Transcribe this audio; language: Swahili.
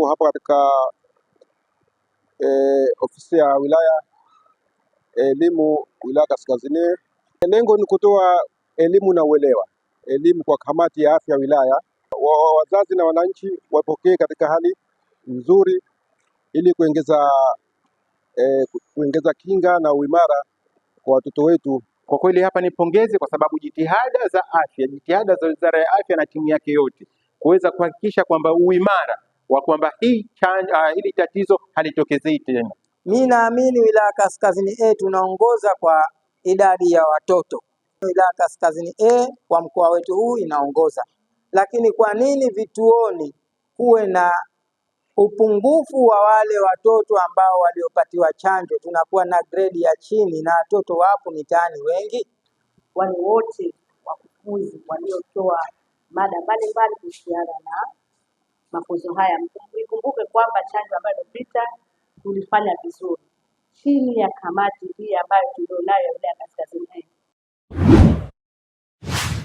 huu hapa katika eh, ofisi ya wilaya elimu wilaya kaskazini. Lengo ni kutoa elimu na uelewa, elimu kwa kamati ya afya wilaya. Wazazi na wananchi wapokee katika hali nzuri, ili kuongeza eh, kuongeza kinga na uimara kwa watoto wetu. Kwa kweli hapa ni pongezi, kwa sababu jitihada za afya, jitihada za Wizara ya Afya na timu yake yote kuweza kuhakikisha kwamba uimara wa kwamba hii uh, hili tatizo halitokezei tena. Mi naamini wilaya Kaskazini A tunaongoza kwa idadi ya watoto. Wilaya Kaskazini A kwa mkoa wetu huu inaongoza, lakini kwa nini vituoni kuwe na upungufu wa wale watoto ambao waliopatiwa chanjo? Tunakuwa na gredi ya chini na watoto wapo mitaani wengi. Wale wote wakufunzi waliotoa mada mbalimbali kuhusiana na mafunzo haya. Ikumbuke kwamba chanjo ambayo imepita tulifanya vizuri chini ya kamati hii ambayo tulionayo ya wilaya kaskazini.